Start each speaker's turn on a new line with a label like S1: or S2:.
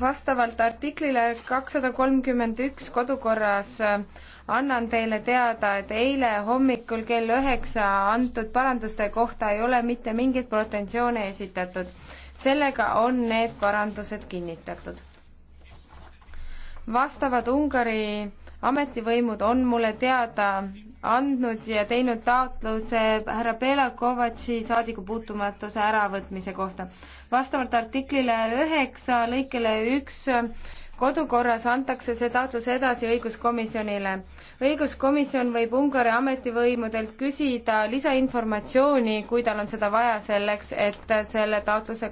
S1: vastavalt artiklile kakssada kolmkümmend üks kodukorras äh, annan teile teada et eile hommikul kell üheksa antud paranduste kohta ei ole mitte mingeid pretensioone esitatud sellega on need parandused kinnitatud vastavad ungari ametivõimud on mulle teada andnud ja teinud taotluse härra Bela Kovatši saadikupuutumatuse äravõtmise kohta. vastavalt artiklile üheksa lõikele üks kodukorras antakse see taotlus edasi õiguskomisjonile. õiguskomisjon võib Ungari ametivõimudelt küsida lisainformatsiooni, kui tal on seda vaja selleks, et selle taotluse